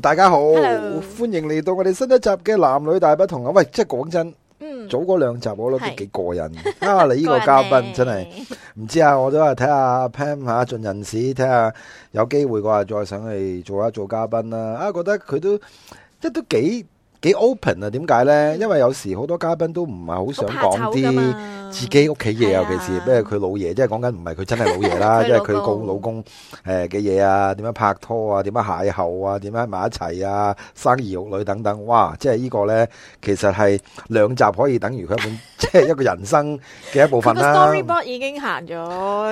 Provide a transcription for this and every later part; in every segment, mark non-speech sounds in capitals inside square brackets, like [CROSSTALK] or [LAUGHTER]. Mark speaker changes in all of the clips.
Speaker 1: 大家好，Hello. 歡迎嚟到我哋新一集嘅男女大不同啊！喂，即係講真，嗯、早嗰兩集我諗都幾過癮是啊！ [LAUGHS] 你呢個嘉賓 [LAUGHS] 人耶 真係唔知啊，我都係睇下 Pam 下、啊、盡人事，睇下有機會嘅話再想去做一做嘉賓啦！啊，覺得佢都即係都幾。幾 open 啊，點解咧？因為有時好多嘉賓都唔係好想講啲自己屋企嘢，尤其是咩佢老爺，即係講緊唔係佢真係老爺啦，即係佢講老公誒嘅嘢啊，點樣拍拖啊，點樣邂逅啊，點樣埋一齊啊，生兒育女等等，哇！即係呢個咧，其實係兩集可以等於佢一本， [LAUGHS] 即係一個人生嘅一部分啦、啊。s [LAUGHS] Storyboard
Speaker 2: 已經行咗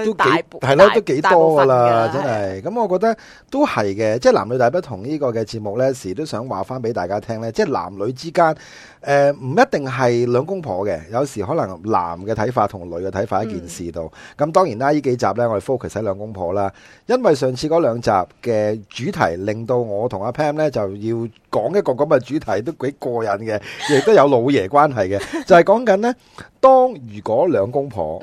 Speaker 2: 都幾係咧部，都幾多噶啦，真係。
Speaker 1: 咁、嗯、的我覺得都係嘅，即係男女大不同個節呢個嘅節目咧，時都想話翻俾大家聽咧，即係男男女之間，誒唔一定係兩公婆嘅，有時可能男嘅睇法同女嘅睇法一件事度。咁當然啦，呢幾集呢，我哋 focus 喺兩公婆啦。因為上次嗰兩集嘅主題，令到我同阿 Pam 呢就要講一個咁嘅主題，都幾過癮嘅，亦都有老爺關係嘅，就係講緊呢，當如果兩公婆。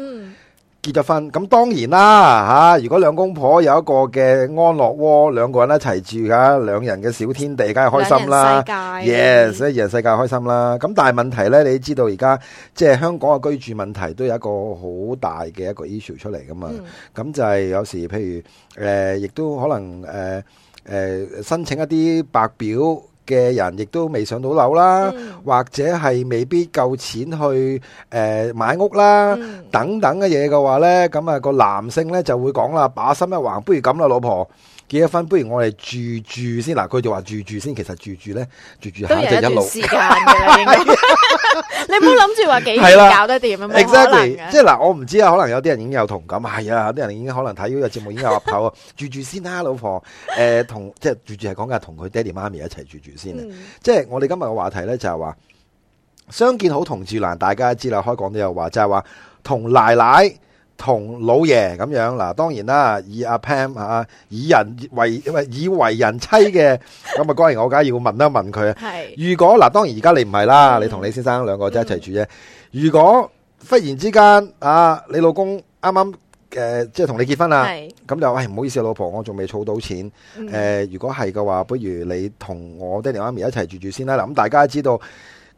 Speaker 1: 結咗婚咁當然啦嚇，如果兩公婆有一個嘅安樂窩，兩個人一齊住噶，兩人嘅小天地，梗係開心啦。Yes，所以二人世界開心啦。咁但係問題呢，你知道而家即係香港嘅居住問題，都有一個好大嘅一個 issue 出嚟噶嘛。咁就係有時譬如誒，亦都可能誒誒申請一啲白表。嘅人亦都未上到樓啦，嗯、或者係未必夠錢去誒、呃、買屋啦，嗯、等等嘅嘢嘅話呢，咁、那、啊個男性呢就會講啦，把心一橫，不如咁啦，老婆。結咗婚？不如我哋住住先。嗱，佢就話住住先，其實住住咧，住住下就一,一路一時間。
Speaker 2: [LAUGHS] [LAUGHS] 你唔好諗住話幾時了搞得掂啊嘛。Exactly，即係
Speaker 1: 嗱、啊，我唔知啊，可能有啲人已經有同感，係啊，有啲人已經可能睇呢個節目已經有入口啊。 [LAUGHS] 住住先啦、啊，老婆。誒、呃，同即係住住係講緊，同佢爹哋媽咪一齊住住先 [LAUGHS] 即係我哋今日嘅話題咧，就係、是、話相見好，同住難。大家知啦，開講都有話，就係話同奶奶。同老爺咁樣嗱，當然啦，以阿 Pam 啊，以人為以為人妻嘅，咁啊， [LAUGHS] 當然我梗係要問一問佢啊。如果嗱，當然而家你唔係啦，嗯、你同李先生兩個仔一齊住啫。如果忽然之間啊，你老公啱啱誒即係同你結婚啦，咁是 就喂唔、哎、好意思老婆，我仲未儲到錢誒、呃。如果係嘅話，不如你同我爹哋媽咪一齊住住先啦。嗱、呃，咁大家知道，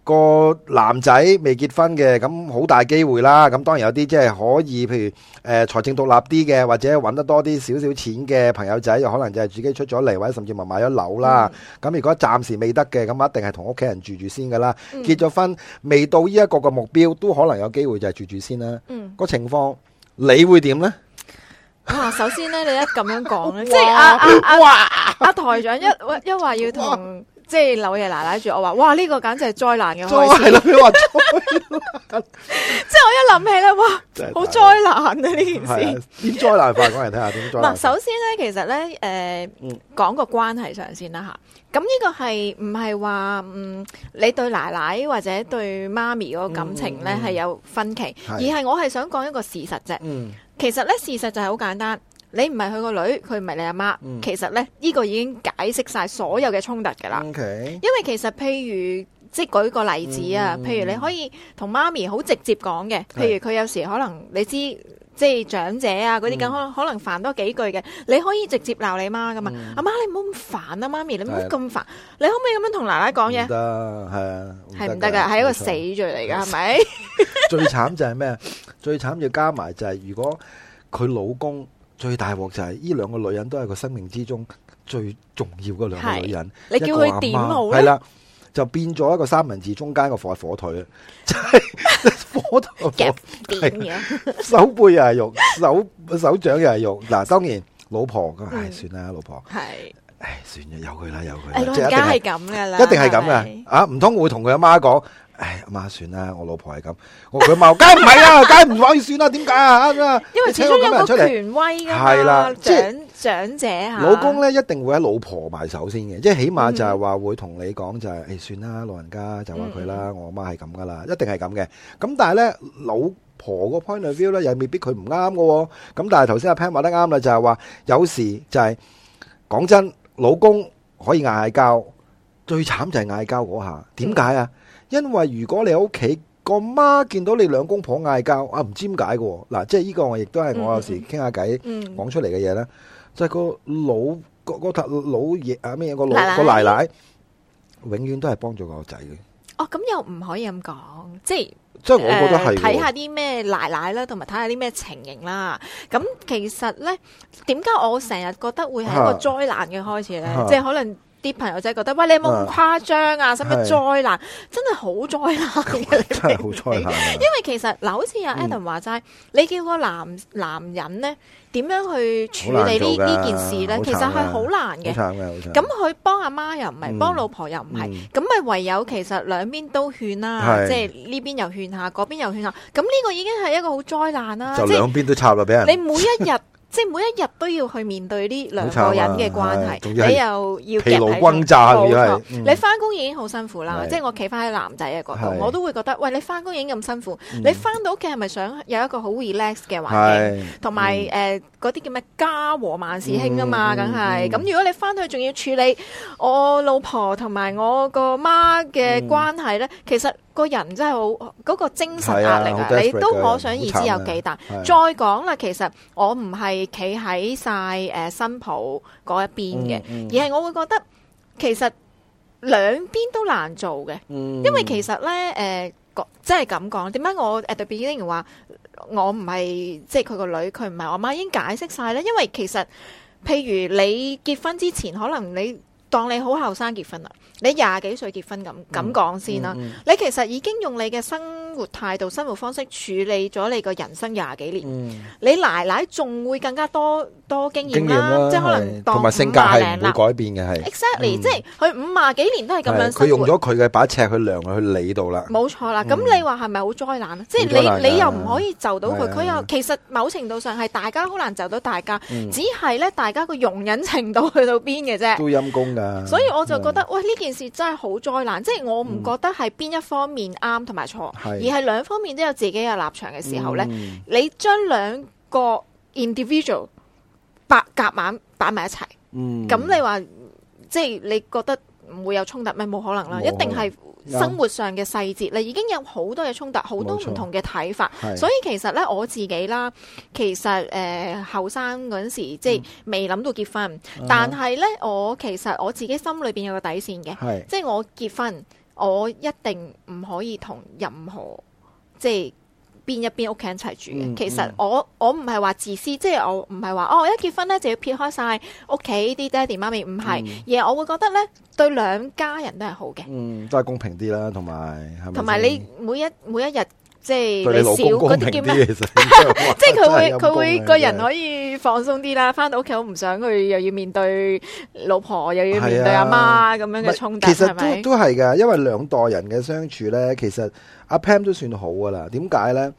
Speaker 1: 個男仔未結婚嘅，咁好大機會啦。咁當然有啲即係可以，譬如誒財政獨立啲嘅，或者搵得多啲少少錢嘅朋友仔，又可能就係自己出咗嚟，或者甚至咪買咗樓啦。咁如果暫時未得嘅，咁一定係同屋企人住住先噶啦。結咗婚未到呢一個嘅目標，都可能有機會就係住住先啦。嗯，個情況你會點呢？
Speaker 2: 啊，首先呢，你一咁樣講呢，即係阿阿阿台長一一話要同。即係老爺奶奶住，我話哇呢、這個簡直係災難嘅，係啦你話 [LAUGHS] [LAUGHS] 即係我一諗起咧，哇好災難啊呢件事，點災難法，講嚟聽下？
Speaker 1: 點災難法？嗱，首
Speaker 2: 先咧，其實咧，誒、呃，講個關係上先啦吓，咁呢個係唔係話嗯你對奶奶或者對媽咪嗰個感情咧係、嗯嗯、有分歧，的而係我係想講一個事實啫。嗯，其實咧事實就係好簡單。你唔係佢個女，佢唔係你阿媽，其實咧，呢個已經解釋晒所有嘅衝突噶啦。因為其實譬如即係舉個例子啊，譬如你可以同媽咪好直接講嘅，譬如佢有時可能你知即係長者啊嗰啲咁，可可能煩多幾句嘅，你可以直接鬧你媽噶嘛。阿媽你唔好咁煩啊，媽咪你唔好咁煩，你可唔可以咁樣同奶奶講嘢？得
Speaker 1: 係啊，係唔得噶，係一個死罪嚟噶，係咪？最慘就係咩？最慘要加埋就係如果佢老公。最大鑊就係、是、呢兩個女人都係個生命之中最重要嗰兩個女人，是你叫佢點好？係啦，就變咗一個三文治中間個火火腿啦，即係 [LAUGHS] 火腿 [LAUGHS] 的 [LAUGHS] 手背又係肉， [LAUGHS] 手手掌又係肉。嗱，當然老婆咁，唉，算啦，老婆。唉，算啦，由佢啦，由佢啦，即係一定係咁噶啦，一定係咁噶，啊，唔通會同佢阿媽講，唉，阿媽算啦，我老婆係咁，我佢阿媽，梗唔係啦，梗唔可以算啦，點解啊？因為始終有個權
Speaker 2: 威噶嘛，長長者吓，老公咧
Speaker 1: 一定會喺老婆埋手先嘅，即係起碼就係話會同你講就係，唉，算啦，老人家就話佢啦，我阿媽係咁噶啦，一定係咁嘅。咁但係咧，老婆個 point of view 咧又未必佢唔啱噶，咁但係頭先阿 Pan 話得啱啦，就係話有時就係講真。老公可以嗌交，最慘就係嗌交嗰下。點解啊？嗯、因為如果你屋企個媽見到你兩公婆嗌交，啊唔知點解嘅。嗱，即係呢個我亦都係我有時傾下偈講出嚟嘅嘢啦。嗯、就個老、個老爺啊咩嘢、個老個奶奶，奶，奶永個，永遠都係幫助個仔嘅。
Speaker 2: 哦，咁又唔可以咁講，即係即係我覺得係睇下啲咩奶奶啦，同埋睇下啲咩情形啦。咁其實咧，點解我成日覺得會係一個災難嘅開始咧？啊啊、即係可能。啲朋友真係覺得，喂，你有冇咁誇張啊？使唔使災難？真係好災
Speaker 1: 難！
Speaker 2: 因為其實嗱，好似阿 Adam 話齋，你叫個男男人咧點樣去處理呢呢件事咧？其實係好難嘅。好慘嘅，好慘。咁佢幫阿媽又唔係，幫老婆又唔係，咁咪唯有其實兩邊都勸啦，即係呢邊又勸下，嗰邊又勸下。咁呢個已經係一個好災難啦。就兩
Speaker 1: 邊都插落俾人。你每一
Speaker 2: 日。即係每一日都要去面對呢兩個人嘅關係，你又要疲勞轟炸，你翻工已經好辛苦啦。即係我企翻喺男仔嘅角度，我都會覺得，喂，你翻工已經咁辛苦，你翻到屋企係咪想有一個好 relax 嘅環境？同埋誒嗰啲叫咩家和萬事興啊嘛，梗係咁。如果你翻去仲要處理我老婆同埋我個媽嘅關係咧，其實～個人真係好嗰個精神壓力啊！你都可想而知有幾大。再講啦，其實我唔係企喺晒誒新抱嗰一邊嘅，嗯嗯、而係我會覺得其實兩邊都難做嘅、嗯呃。因為其實咧誒，即係咁講，點解我誒 at the beginning 話我唔係即係佢個女，佢唔係我媽已經解釋晒咧？因為其實譬如你結婚之前，可能你當你好後生結婚啦，你廿幾歲結婚咁咁講先啦。你其實已經用你嘅生活態度、生活方式處理咗你個人生廿幾年。你奶奶仲會更加多多經驗啦，即係可能同埋性格係唔會改
Speaker 1: 變嘅係。Exactly，即係
Speaker 2: 佢五廿幾年都係咁樣。佢用咗
Speaker 1: 佢嘅把尺去量去你度啦。
Speaker 2: 冇錯啦。咁你話係咪好災難啊？即係你你又唔可以就到佢，佢又其實某程度上係大家好難就到大家。只係咧，大家個容忍程度去到邊嘅啫。都
Speaker 1: 陰功。所以我就覺得，
Speaker 2: 喂呢件事真係好災難，即係我唔覺得係邊一方面啱同埋錯，嗯、而係兩方面都有自己嘅立場嘅時候呢，嗯、你將兩個 individual 擺夾埋擺埋一齊，咁、嗯、你話即係你覺得唔會有衝突咩？冇可能啦，能一定係。生活上嘅細節，嗱已經有好多嘅衝突，好多唔同嘅睇法。所以其實咧，我自己啦，其實誒後生嗰陣時，即係未諗到結婚，嗯 uh huh. 但係咧，我其實我自己心裏邊有個底線嘅，是即係我結婚，我一定唔可以同任何即係。邊一邊屋企人一齊住嘅，其實我我唔係話自私，嗯、即係我唔係話哦，一結婚咧就要撇開晒屋企啲爹地媽咪，唔係，嗯、而係我會覺得咧，對兩家人都係好嘅，
Speaker 1: 嗯，都係公平啲啦，同埋係咪先？同埋你
Speaker 2: 每一每一日。即係少嗰啲叫咩？即係佢會佢 [LAUGHS] [LAUGHS] 會,會個人可以放鬆啲啦。翻到屋企我唔想佢又要面對老婆，是啊、又要面對阿媽咁樣嘅衝突，其實都
Speaker 1: 都係噶，是是因為兩代人嘅相處呢，其實阿 p a m 都算好噶啦。點解呢？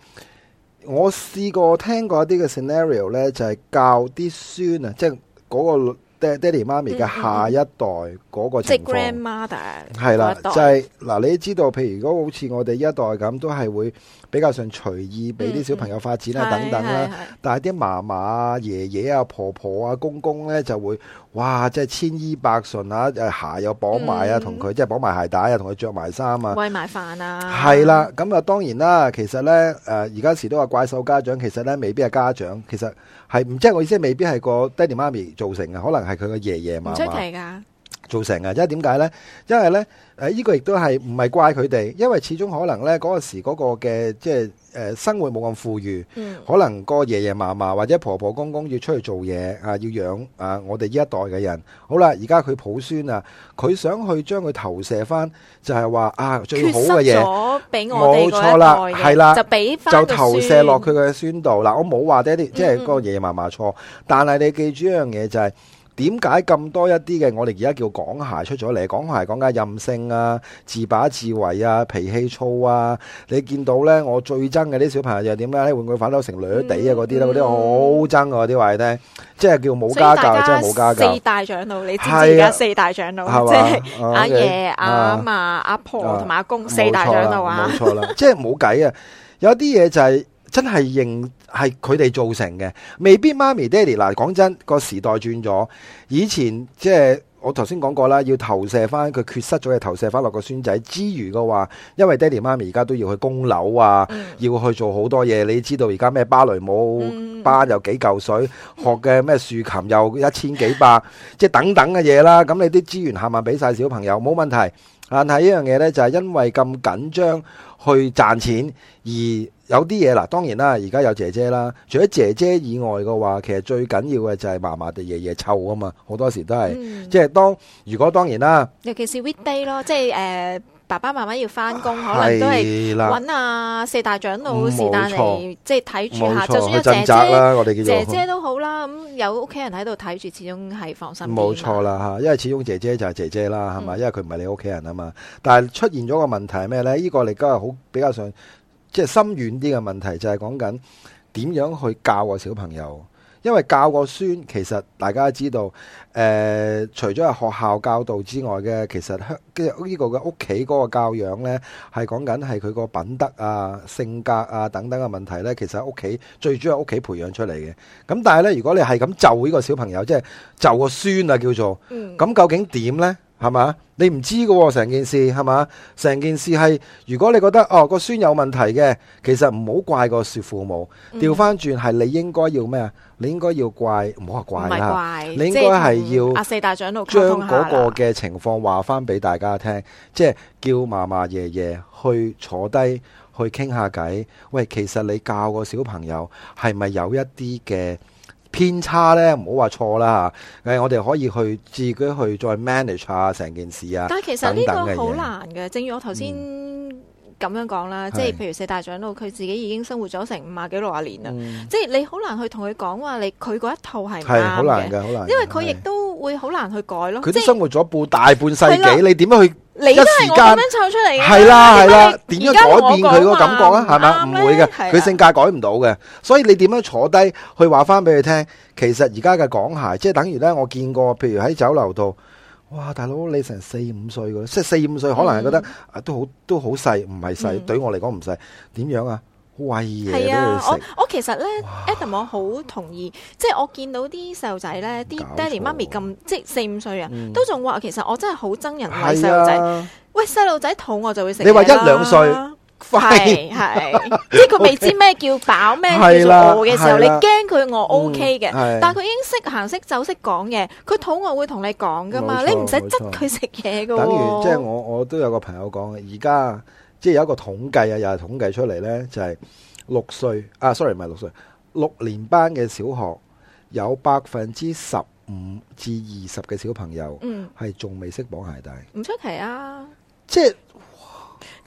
Speaker 1: 我試過聽過一啲嘅 scenario 呢，就係教啲孫啊，即係嗰、那個。爹爹哋媽咪嘅下一代嗰、嗯嗯、個情況即係
Speaker 2: grandmother
Speaker 1: 係啦，一就係、是、嗱，你知道，譬如如果好似我哋呢一代咁，都係會比較上隨意俾啲小朋友發展啊，等等啦。嗯嗯，但係啲嫲嫲啊、爺爺啊、婆婆啊、公公咧，就會哇，即係千依百順啊，鞋又綁埋啊，同佢、嗯、即係綁埋鞋帶啊，同佢着埋衫啊，餵
Speaker 2: 埋飯啊。係啦，
Speaker 1: 咁、嗯、啊，嗯、當然啦，其實咧誒，而、呃、家時都話怪獸家長，家長，其實咧未必係家長，其實。係唔即係我意思，未必係個爹地媽咪造成啊，可能係佢個爺爺嫲嫲，唔出奇㗎，造成啊，即係點解咧？因為咧。誒，呢個亦都係唔係怪佢哋，因為始終可能呢嗰個時嗰個嘅即係誒，生活冇咁富裕，可能個爺爺嫲嫲或者婆婆公公要出去做嘢啊，要養啊我哋呢一代嘅人。好啦，而家佢抱孫啊，佢想去將佢投射翻，就係話啊最好嘅嘢，
Speaker 2: 冇錯啦，係啦，就投射落佢
Speaker 1: 嘅孫度啦。我冇話啲即係個爺爺嫲嫲錯，但係你記住一樣嘢就係。點解咁多一啲嘅？我哋而家叫港孩出咗嚟，港孩講嘅任性啊、自把自為啊、脾氣躁啊，你見到咧？我最憎嘅啲小朋友就係點咧？玩具反斗城略地啊，嗰啲啦，嗰啲好憎噶，嗰啲話你聽，即係叫冇家教，真係冇家教。四大
Speaker 2: 長老，你知唔知而家四大長老？即係阿爺、阿嫲、阿婆同埋阿公，四大長老啊！冇錯啦，冇錯
Speaker 1: 啦，即係冇計啊！有啲嘢就係真係認。係佢哋造成嘅，未必媽咪爹哋嗱，講真個時代轉咗，以前即係我頭先講過啦，要投射翻佢缺失咗嘅投射翻落個孫仔之餘嘅話，因為爹哋媽咪而家都要去供樓啊，要去做好多嘢，你知道而家咩芭蕾舞班又幾嚿水，學嘅咩豎琴又一千幾百， [LAUGHS] 即係等等嘅嘢啦，咁你啲資源係咪俾晒小朋友冇問題。但係呢樣嘢呢，就係因為咁緊張去賺錢，而有啲嘢啦。當然啦，而家有姐姐啦，除咗姐姐以外嘅話，其實最緊要嘅就係麻麻地爺爺湊啊嘛。好多時都係，嗯、即係當如果當然啦，
Speaker 2: 尤其是 weekday 咯，即係誒。Uh 爸爸媽媽要翻工，可能都係搵阿四大長老是但嚟，即係睇住下，錯就算有姐姐，我哋叫姐姐，姐姐都好啦。咁、嗯、有屋企人喺度睇住，始終係放心。冇錯
Speaker 1: 啦，吓，因為始終姐姐就係姐姐啦，係嘛、嗯，因為佢唔係你屋企人啊嘛。但係出現咗個問題係咩咧？呢、這個你哋今日好比較上，即係深遠啲嘅問題就係講緊點樣去教個小朋友。因為教個孫，其實大家都知道，誒、呃，除咗係學校教導之外嘅，其實香，呢個嘅屋企嗰個教養咧，係講緊係佢個品德啊、性格啊等等嘅問題咧。其實喺屋企最主要係屋企培養出嚟嘅。咁但係咧，如果你係咁就呢個小朋友，即係就，是、就個孫啊，叫做，咁、嗯、究竟點咧？係嘛？你唔知㗎喎，成件事係嘛？成件事係，如果你覺得哦個孫有問題嘅，其實唔好怪個父父母。調翻轉係你應該要咩啊？你應該要怪，唔好話怪啦。唔係怪，即係要阿四
Speaker 2: 大長將嗰個
Speaker 1: 嘅情況話翻俾大家聽，了即係叫嫲嫲爺爺去坐低去傾下偈。喂，其實你教個小朋友係咪有一啲嘅？偏差咧，唔好話錯啦。誒，我哋可以去自己去再 manage 下，啊，成件事啊。但係其實呢個好難
Speaker 2: 嘅，正如我頭先咁樣講啦，嗯、即係譬如四大長老，佢自己已經生活咗成五十幾六十年啦，嗯、即係你好難去同佢講話，你佢嗰一套係唔係好難嘅，好難。因為佢亦的都會好難去改咯。佢都
Speaker 1: 生活咗半大半世紀，是你點樣去？你都係我咁樣湊出嚟嘅，係啦係啦，點樣改變佢嗰個感覺啊？係咪？唔會嘅，佢的性格改唔到嘅，所以你點樣坐低去話翻俾佢聽？其實而家嘅港孩，即係等於呢。我見過，譬如喺酒樓度，哇！大佬你成四五歲嘅，即係四五歲，可能係覺得啊，都好都好細，唔係細，嗯、對我嚟講唔細，點樣啊？威係啊！我
Speaker 2: 我其實咧，Adam，我好同意，即係我見到啲細路仔咧，啲爹哋媽咪咁，即係四五歲啊，都仲話其實我真係好憎人餵細路仔。喂，細路仔肚餓就會食嘢。你話一兩歲，係係，即係佢未知咩叫飽咩叫做餓嘅時候，你驚佢餓 OK 嘅，但係佢已經識行識走識講嘢，佢肚餓會同你講噶嘛，你唔使執佢食嘢噶。等於即係
Speaker 1: 我我都有個朋友講嘅，而家。即係有一個統計啊，又係統計出嚟呢，就係、是、六歲啊，sorry 唔係六歲，六年班嘅小學有百分之十五至二十嘅小朋友係仲未識綁鞋帶。
Speaker 2: 唔出奇啊！即係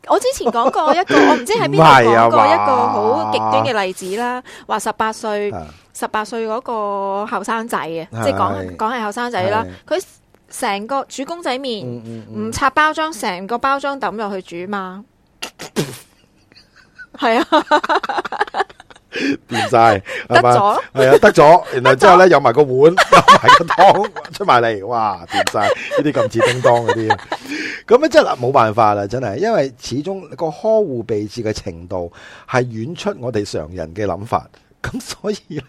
Speaker 2: 我之前講過一個， [LAUGHS] 我唔知喺邊度講過一個好極端嘅例子啦，話十八歲十八歲嗰個後生仔嘅，是即係講講係後生仔啦。佢成是個煮公仔麵唔拆包裝，成個包裝抌落去煮嘛。係啊，
Speaker 1: 變晒係嘛，係啊，得咗。然後之後咧，有埋個碗，有埋個湯出埋嚟，哇，變晒呢啲咁似叮當嗰啲。咁啊，真係冇辦法啦，真係，因為始終個呵護備至嘅程度係遠出我哋常人嘅諗法。咁所以咧，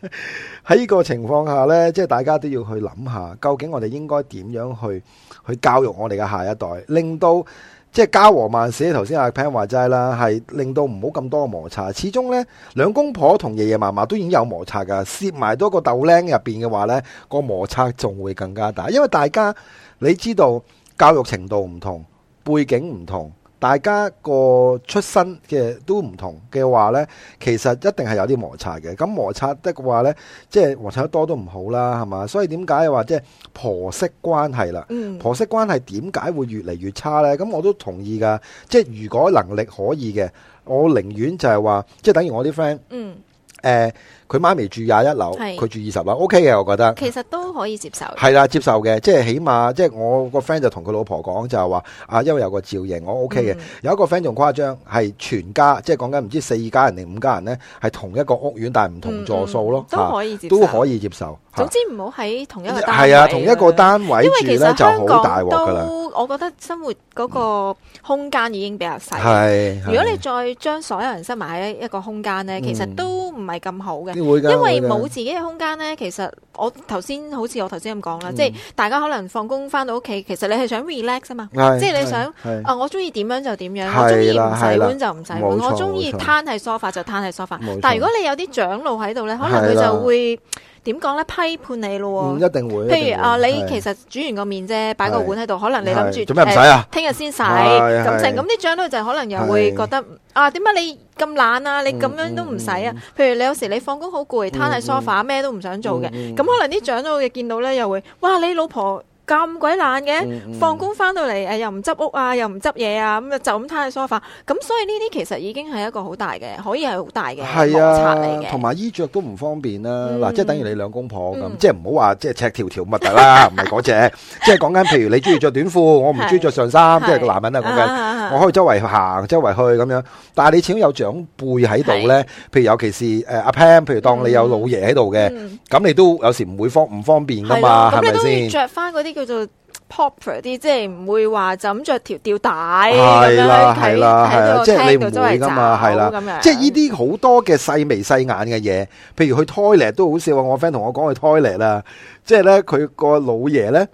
Speaker 1: 喺呢個情況下咧，即係大家都要去諗下，究竟我哋應該點樣去去教育我哋嘅下一代，令到。即係家和萬事。頭先阿 Pan 話齋啦，係令到唔好咁多摩擦。始終呢，兩公婆同爺爺嫲嫲都已經有摩擦嘅，涉埋多個豆靚入邊嘅話呢，個摩擦仲會更加大。因為大家你知道教育程度唔同，背景唔同。大家個出身嘅都唔同嘅話呢，其實一定係有啲摩擦嘅。咁摩擦的嘅話呢，即係摩擦得多都唔好啦，係嘛？所以點解話即係婆媳關係啦，嗯、婆媳關係點解會越嚟越差呢？咁我都同意噶。即係如果能力可以嘅，我寧願就係話，即係等於我啲
Speaker 2: friend，
Speaker 1: 誒。嗯呃佢媽咪住廿一樓，佢住二十樓，OK 嘅，我覺得其實
Speaker 2: 都可以接受。係
Speaker 1: 啦，接受嘅，即係起碼即係我個 friend 就同佢老婆講就係話啊，因為有個照應，我 OK 嘅。有一個 friend 仲誇張，係全家即係講緊唔知四家人定五家人呢，係同一個屋苑，但係唔同座數咯，都可以接受，都可以接受。總之
Speaker 2: 唔好喺同一個係啊，同一個
Speaker 1: 單位住咧就好大鑊㗎喇。
Speaker 2: 我覺得生活嗰個空間已經比較細。係，如果你再將所有人塞埋喺一個空間呢，其實都唔係咁好嘅。因為冇自己嘅空間呢，其實我頭先好似我頭先咁講啦，嗯、即係大家可能放工翻到屋企，其實你係想 relax 啊嘛，是即係你想是啊，我中意點樣就點樣，的我中意唔洗碗就唔洗碗，我中意攤喺梳化就攤喺梳化。錯但係如果你有啲長老喺度呢，可能佢就會。點講咧？批判你咯，唔一定會。譬如啊，你其實煮完個麵啫，擺個碗喺度，可能你諗住做咩啊？聽日先洗，咁剩咁啲長老就可能又會覺得啊，點解你咁懶啊？你咁樣都唔使啊？譬如你有時你放工好攰，攤喺梳化，咩都唔想做嘅，咁可能啲長老嘅見到咧，又會哇，你老婆。咁鬼懶嘅，放工翻到嚟誒又唔執屋啊，又唔執嘢啊，咁就咁攤喺梳化。咁所以呢啲其實已經係一個好大嘅，可以係好大
Speaker 1: 嘅摩擦嚟嘅。同埋衣著都唔方便啦。嗱，即係等於你兩公婆咁，即係唔好話即係赤條條物㗎啦，唔係嗰隻。即係講緊譬如你中意著短褲，我唔中意著上衫，即係個男人啊講緊。我可以周圍行，周圍去咁樣。但係你始終有長輩喺度咧，譬如尤其是誒阿 Pam，譬如當你有老爺喺度嘅，咁你都有時唔會方唔方便㗎嘛，係咪先？咁你都要著
Speaker 2: 翻嗰啲叫。叫做 proper 啲，即係唔會話枕着條吊帶咁樣喺喺度聽到真係噶嘛，係啦，即係呢
Speaker 1: 啲好多嘅細眉細眼嘅嘢，譬如佢 toilet 都好笑啊！我 friend 同我講佢 toilet 啦，即係咧佢個老爺咧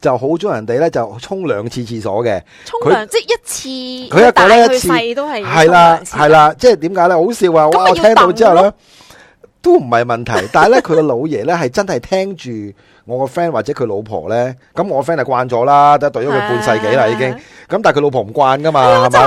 Speaker 1: 就好中人哋，咧就沖兩次廁所嘅，沖涼澡他即
Speaker 2: 係一,一次，佢一打一次都係，係啦
Speaker 1: 係啦，即係點解咧？好笑啊！咁今 我聽到之後呢等咯。都唔係問題，但係咧佢個老爺咧係真係聽住我個 friend 或者佢老婆咧，咁我 friend 係慣咗啦，得對咗佢半世紀啦已經，咁但係佢老婆唔慣噶嘛，係咪的？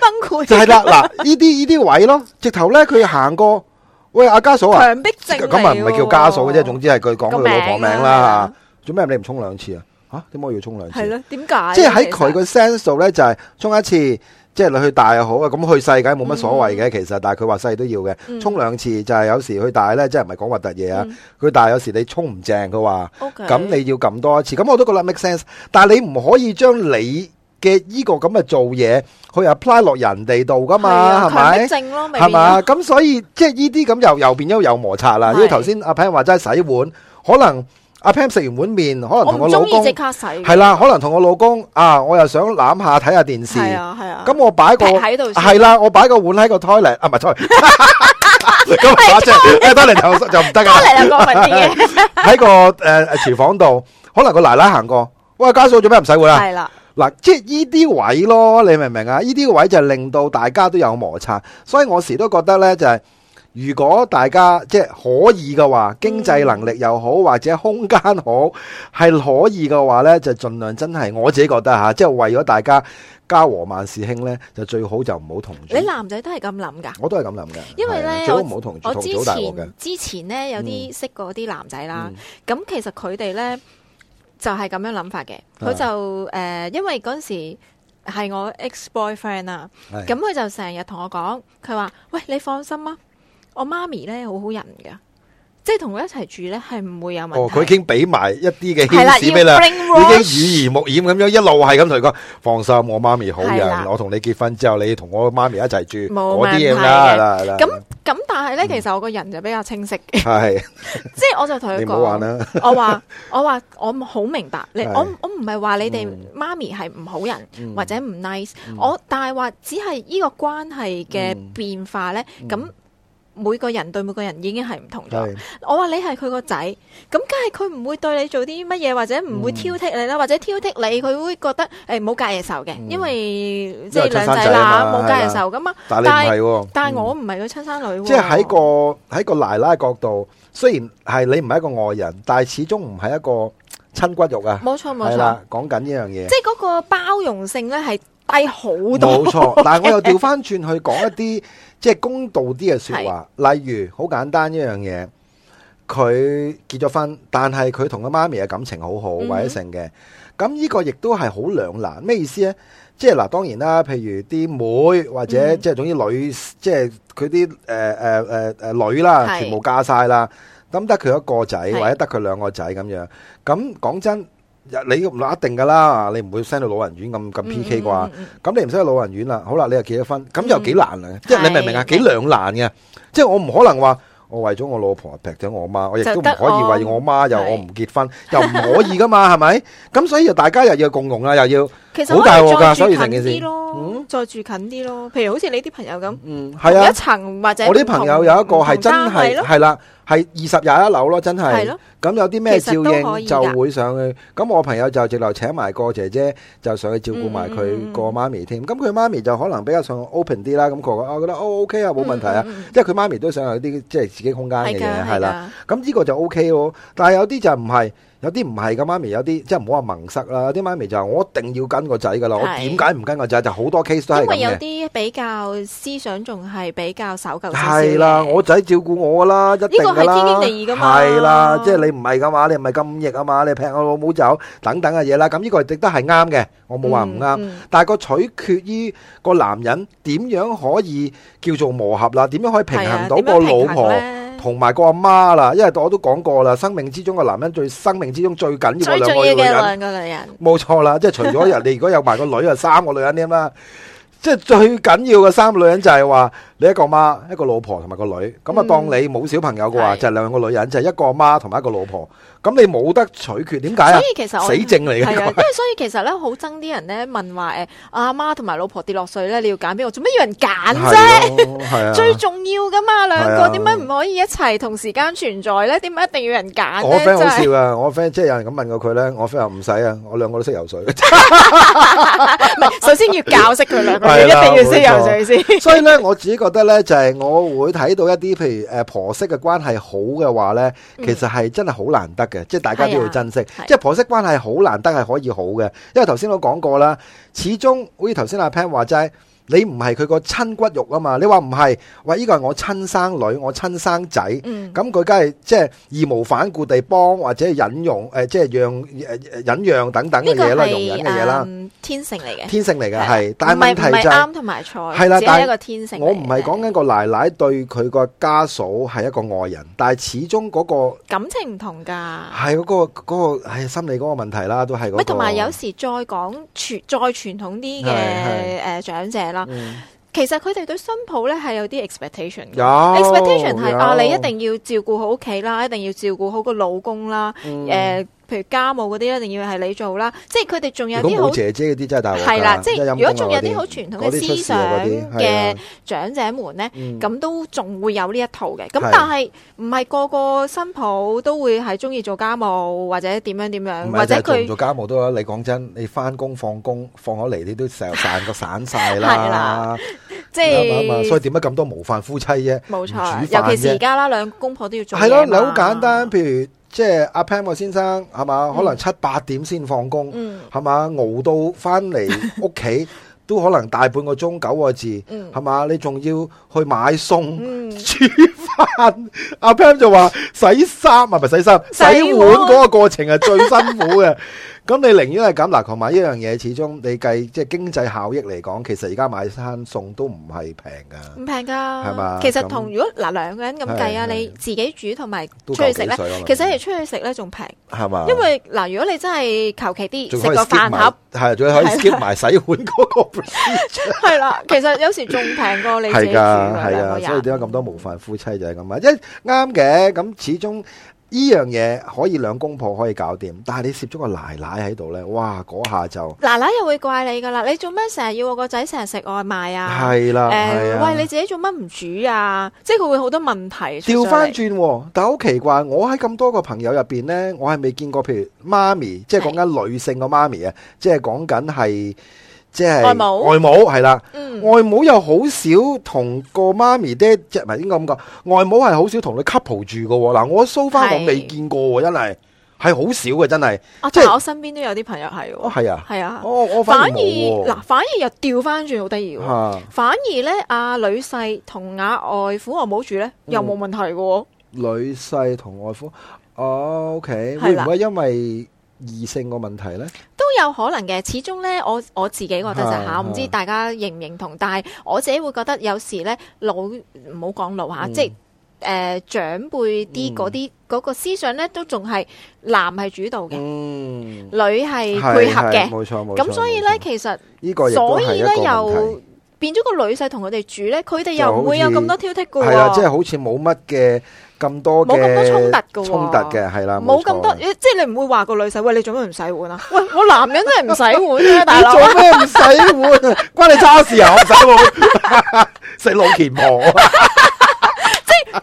Speaker 2: 崩潰就係啦，嗱
Speaker 1: 呢啲呢啲位咯，直頭咧佢行過，喂阿家嫂啊，強迫症咁啊，唔係叫家嫂嘅啫，總之係佢講佢老婆名啦吓，做咩你唔沖兩次啊？吓點解我要沖兩次？係、
Speaker 2: 啊、咯，點解？即係喺佢
Speaker 1: 個 sensor 咧就係沖一次。即係你去大又好啊，咁去細冇乜所謂嘅其實，但係佢話細都要嘅，沖兩、嗯、次就係、是、有時去大咧，即係唔係講核突嘢啊！佢、嗯、大有時你沖唔正，佢話，咁 Okay 你要撳多一次，咁我都覺得 make sense。但係你唔可以將你嘅依個咁嘅做嘢，去 apply 落人哋度噶嘛，係咪、啊？強迫症吧咯，係嘛吧？咁所以即係依啲咁又又變咗有摩擦啦。的因為頭先阿平話齋洗碗可能。阿、啊、Pam 食完碗麵，可能同我老公係啦，可能同我老公啊，我又想攬下睇下電視，咁我擺個係啦，我擺個碗喺個台嚟，啊唔係台，咁擺隻，一得嚟就就唔得噶啦，一嚟兩個問題嘅，喺個誒廚房度，可能個奶奶行過，喂、哎，家嫂做咩唔洗碗啊？係啦，嗱，即係呢啲位咯，你明唔明啊？呢啲位就令到大家都有摩擦，所以我時都覺得咧就係、是。如果大家即係可以嘅話，經濟能力又好，或者空間好，係可以嘅話咧，就盡量真係。我自己覺得吓，即係為咗大家家和萬事興咧，就最好就唔好同住。
Speaker 2: 你男仔都係咁諗噶？
Speaker 1: 我都係咁諗嘅，因為咧，我我之前之前咧有啲識過
Speaker 2: 啲男仔啦，咁其實佢哋咧就係咁樣諗法嘅。佢就誒，因為嗰陣時係我 ex boyfriend 啊，咁佢的就成日同我講，佢話喂，你放心啊。我媽咪咧好好人嘅，即係同佢一齊住咧，係唔會有問題。佢已經俾
Speaker 1: 埋一啲嘅謊言俾啦，已經耳濡目染咁樣一路係咁同佢講。放心，我媽咪好人。我同你結婚之後，你同我媽咪一齊住，冇啲嘢啦啦啦。咁
Speaker 2: 咁，但係咧，其實我個人就比較清晰。嘅。係，即係我就同佢講，我話我話我好明白你，我我唔係話你哋媽咪係唔好人或者唔 nice，我但係話只係呢個關係嘅變化咧，咁。每個人對每個人已經係唔同咗。是我話你係佢個仔，咁梗係佢唔會對你做啲乜嘢，或者唔會挑剔你啦，或者挑剔你，佢會覺得誒冇、欸、隔夜仇嘅，因為即係兩仔乸冇隔夜仇㗎嘛。但係，但係但、嗯、我唔係佢親生女。即係喺
Speaker 1: 個喺個奶奶角度，雖然係你唔係一個外人，但係始終唔係一個親骨肉啊。冇錯，冇錯，講緊呢樣嘢。即係
Speaker 2: 嗰個包容性咧，係。低好多，冇錯。但係我又調
Speaker 1: 翻轉去講一啲 [LAUGHS] 即係公道啲嘅說話，例如好簡單一樣嘢，佢結咗婚，但係佢同佢媽咪嘅感情好好，嗯、或者剩嘅，咁呢個亦都係好兩難。咩意思呢？即係嗱，當然啦，譬如啲妹或者，嗯、即係總之女，即係佢啲誒誒誒女啦，全部嫁晒啦，咁得佢一個仔或者得佢兩個仔咁樣，咁講真。你唔一定噶啦，你唔會 send 到老人院咁咁 P K 啩。咁、嗯、你唔使去老人院啦。好啦，你又結咗婚，咁又幾難啊？嗯、即係你明唔明啊？是的 幾兩難嘅。即係我唔可能話我為咗我老婆劈咗我媽，我亦都唔可以為我媽又我唔結婚，又唔可以噶嘛？係咪？咁所以大家又要共融啦，又要。好大鑊㗎，所以成件事，
Speaker 2: 再住近啲咯，譬如好似你啲朋友咁，嗯，係啊，一層或者我啲朋友有一個係真係，係啦，
Speaker 1: 係二十廿一樓咯，真係，係，咁有啲咩照應就會上去。咁我朋友就直頭請埋個姐姐就上去照顧埋佢個媽咪添。咁佢媽咪就可能比較想 open 啲啦，咁個個我覺得哦 OK 啊，冇問題啊，即係佢媽咪都想有啲即係自己空間嘅嘢係啦。咁呢個就 OK 咯，但係有啲就唔係。有啲唔係噶媽咪，有啲即係唔好話盲塞啦，有啲媽咪就我一定要跟個仔噶啦，我點解唔跟個仔？就好多 case 都係咁嘅。因為有啲
Speaker 2: 比較思想仲係比較守舊啲。係啦，
Speaker 1: 我仔照顧我噶啦，一定噶啦，天經地義噶嘛。係啦，即係你唔係噶嘛，你唔係咁易啊嘛，你劈我老母走等等嘅嘢啦。咁呢個亦都係啱嘅，我冇話唔啱。但係個取決於個男人點樣可以叫做磨合啦，點樣可以平衡到個老婆，同埋個阿媽啦，因為我都講過啦，生命之中個男人最生命之中最緊要，兩個，最緊要個兩個女人，冇錯啦，即係除咗人，哋， [LAUGHS] 如果有埋個女，就是、三個女人啲啦。 [LAUGHS] 即係最緊要嘅三個女人就係話你一個媽、一個老婆同埋個女，咁啊當你冇小朋友嘅話，嗯、就兩個女人，是就係一個阿媽同埋一個老婆，咁你冇得取決，點解啊？所以其實我死證嚟嘅。係啊，因為所
Speaker 2: 以其實咧，好憎啲人咧問話誒，阿媽同埋老婆跌落水咧，你要揀邊個？做乜要人揀啫？
Speaker 1: 係啊，最重
Speaker 2: 要噶嘛，兩個點解唔可以一齊同時間存在咧？點解一定要人揀咧？我 friend 好笑
Speaker 1: 啊！我 friend 即係有人咁問過佢咧，我 friend 話唔使啊，我兩個都識游水。唔係，
Speaker 2: 首先要教識佢兩個，一定要識游水先。
Speaker 1: 所以咧，我自己覺得咧，就係我會睇到一啲譬如誒婆媳嘅關係好嘅話咧，其實係真係好難得嘅。即係大家都要珍惜，的即係婆媳關係好難得係可以好嘅，因為頭先我講過啦，始終好似頭先阿 Pan 話齋。你唔係佢個親骨肉啊嘛？你話唔係，話呢個係我親生女，我親生仔，咁佢梗係即係義無反顧地幫或者隱容誒，即係讓誒誒隱讓等等嘅嘢啦，容忍嘅嘢啦。
Speaker 2: 天性嚟嘅。天
Speaker 1: 性嚟嘅係，但係問題就係啱同
Speaker 2: 埋錯。係啦，但係一個天性。我唔
Speaker 1: 係講緊個奶奶對佢個家嫂係一個外人，但係始終嗰個
Speaker 2: 感情唔同㗎。
Speaker 1: 係嗰個嗰個係心理嗰個問題啦，都係嗰個。咪同埋有
Speaker 2: 時再講傳再傳統啲嘅誒長者啦。嗯、其實佢哋對新抱咧，係有啲 expectation 嘅，expectation 係啊，你一定要照顧好屋企啦，一定要照顧好個老公啦，誒、嗯呃。譬如家務嗰啲一定要係你做啦。即係佢哋仲有啲好姐
Speaker 1: 姐嗰啲真係大環啦，即係如果仲有啲好傳統嘅思想嘅
Speaker 2: 長者們咧，咁、嗯、都仲會有呢一套嘅。咁但係唔係個個新抱都會係中意做家務或者點樣點樣，或者佢做，做
Speaker 1: 家務都得。你講真，你翻工放工放咗嚟，你都成日散個散曬啦。
Speaker 2: 即係所以
Speaker 1: 點解咁多無飯夫妻啫？冇錯，煮尤其是而家
Speaker 2: 啦，兩公婆都要做。係咯，你好簡
Speaker 1: 單，譬如。即係阿 Pam 先生，係嘛？可能七八點先放工，係嘛、嗯？熬到翻嚟屋企都可能大半個鐘九個字，係嘛、嗯？你仲要去買餸、嗯、煮飯？阿、 [LAUGHS] 啊、Pam 就話洗衫啊，咪 [LAUGHS] 洗衫，洗碗嗰個過程係最辛苦嘅。 [LAUGHS] 咁你寧願係咁嗱，同埋依樣嘢，始終你計即係經濟效益嚟講，其實而家買餐餸都唔係平噶，
Speaker 2: 唔平噶，係嘛？其實同如果嗱兩個人咁計啊，你自己煮同埋出去食咧，其實係出去食咧仲平，
Speaker 1: 係嘛？因為
Speaker 2: 嗱，如果你真係求其啲食個飯盒，
Speaker 1: 係，仲可以 skip 埋洗碗嗰個，係啦。
Speaker 2: 其實有時仲平過你自己煮啦，所以
Speaker 1: 點解咁多無飯夫妻就係咁啊？即係啱嘅，咁始終。依樣嘢可以兩公婆可以搞掂，但係你攝咗個奶奶喺度呢，哇！嗰下就
Speaker 2: 奶奶又會怪你噶啦，你做咩成日要我個仔成日食外賣啊？係
Speaker 1: 啦，喂，你
Speaker 2: 自己做乜唔煮啊？即係佢會好多問題。調翻
Speaker 1: 轉，但係好奇怪，我喺咁多個朋友入邊呢，我係未見過，譬如媽咪，即係講緊女性個媽咪啊，的即係講緊係。即係外母，係啦，外母又好少同個媽咪爹着埋，應該咁講，外母係好少同你 couple 住噶。嗱，我 so far 我未見過，真係係好少嘅，真係。
Speaker 2: 即係我身邊都有啲朋友係，係啊，係啊。我反而嗱，反而又調翻轉好得意，反而咧，阿女婿同阿外父外母住咧，又冇問題嘅。
Speaker 1: 女婿同外父，OK，會唔會因為？異性個問題咧，
Speaker 2: 都有可能嘅。始終咧，我我自己覺得就吓，唔、啊、知大家認唔認同？啊、但係我自己會覺得，有時咧老唔好講老吓，嗯、即係誒、呃、長輩啲嗰啲嗰個思想咧，都仲係男係主導嘅，嗯、女係配合嘅。冇錯冇錯。咁所以咧，其實呢個所以咧又變咗個女婿同佢哋住咧，佢哋又唔會有咁多挑剔噶喎。即係
Speaker 1: 好似冇乜嘅。咁多嘅衝突嘅係啦，冇咁多，
Speaker 2: 即係你唔會話個女仔，喂，你做咩唔洗碗啊？喂，我男人都係唔洗碗嘅大佬哥，你做咩唔洗
Speaker 1: 碗？ [LAUGHS] 關你叉事啊！我洗碗，食 [LAUGHS] 老虔前婆。 [LAUGHS]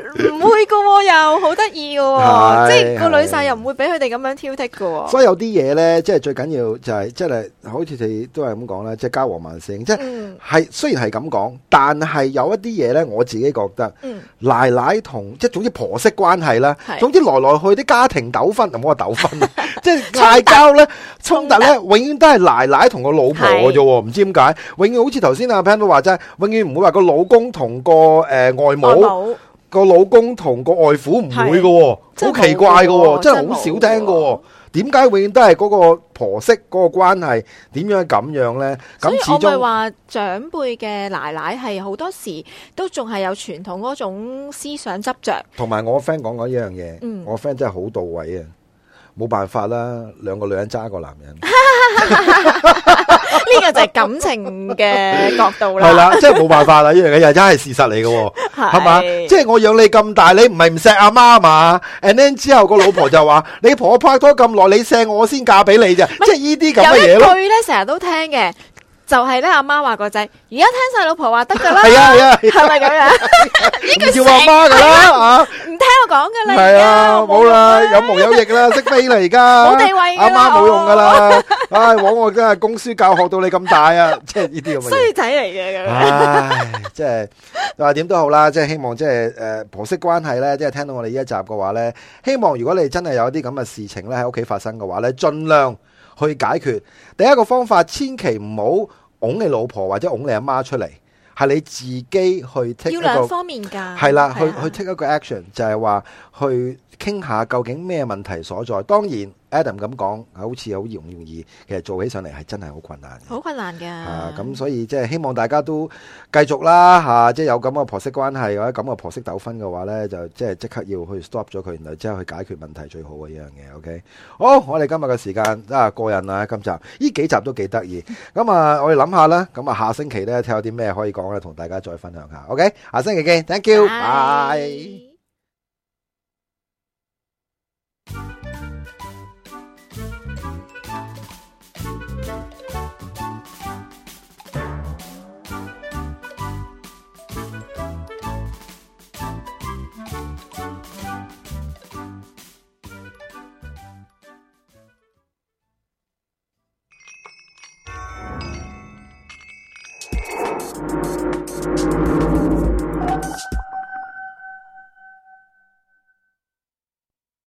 Speaker 2: 唔會噶，又好得意噶，即係個女婿又唔會俾佢哋咁樣挑剔噶。所以有啲
Speaker 1: 嘢咧，即係最緊要就係，即係好似你都係咁講咧，即係家和萬事興。即係雖然係咁講，但係有一啲嘢咧，我自己覺得奶奶同即係總之婆媳關係啦，總之來來去啲家庭糾紛，唔好話糾紛，即係嗌交咧，衝突咧，永遠都係奶奶同個老婆嘅啫，唔知點解，永遠好似頭先阿 Pan 都話齋，永遠唔會話個老公同個誒外母。個老公同個外父唔會嘅，好奇怪嘅，真係好少聽嘅。點解永遠都係嗰個婆媳嗰個關係點樣咁樣呢？咁始終我咪話
Speaker 2: 長輩嘅奶奶係好多時都仲係有傳統嗰種思想執着。
Speaker 1: 同埋我 friend 講過一樣嘢，我 friend 真係好到位啊！冇辦法啦，兩個女人爭一個男人。.
Speaker 2: 呢個就係感情嘅角度啦，係啦，即係
Speaker 1: 冇辦法啦，呢樣嘢又真係事實嚟嘅，係嘛 [LAUGHS] 是？即係我養你咁大，你唔係唔錫阿媽嘛？And then 之後個老婆就話， [LAUGHS] 你婆婆拍拖咁耐，你錫我先嫁俾你啫。即係呢啲咁嘅嘢佢有
Speaker 2: 咧，成日都聽嘅。就係咧，阿媽話個仔，而家聽晒老婆話得噶啦，係啊，係啊，係咪咁樣？唔似叫阿媽噶啦，吓唔聽我講噶啦，係啊，冇啦，
Speaker 1: 有毛有翼啦，識飛啦，而家冇地位，阿媽冇用噶啦，唉，枉我真係供書教學到你咁大啊！即係呢啲咁嘅衰
Speaker 2: 仔嚟嘅，
Speaker 1: 唉，即係話點都好啦，即係希望即係誒婆媳關係咧，即係聽到我哋呢一集嘅話咧，希望如果你真係有啲咁嘅事情咧喺屋企發生嘅話咧，盡量。去解決第一個方法，千祈唔好擁你老婆或者擁你阿媽出嚟，係你自己去 take 一個。要兩方
Speaker 2: 面㗎。係啦，去去
Speaker 1: take 一個 action，就係話去。傾下究竟咩問題所在？當然 Adam 咁講好似好容容易，其實做起上嚟係真係好困難。
Speaker 2: 好困難㗎，咁
Speaker 1: 所以即係希望大家都繼續啦吓，即係有咁嘅婆媳關係或者咁嘅婆媳糾紛嘅話咧，就即係即刻要去 stop 咗佢，然後之後去解決問題最好嘅一樣嘢。OK，好，我哋今日嘅時間啊過癮啦，今集呢幾集都幾得意。咁啊，我哋諗下啦，咁啊下星期咧睇有啲咩可以講咧，同大家再分享下。OK，下星期見，Thank you，Bye。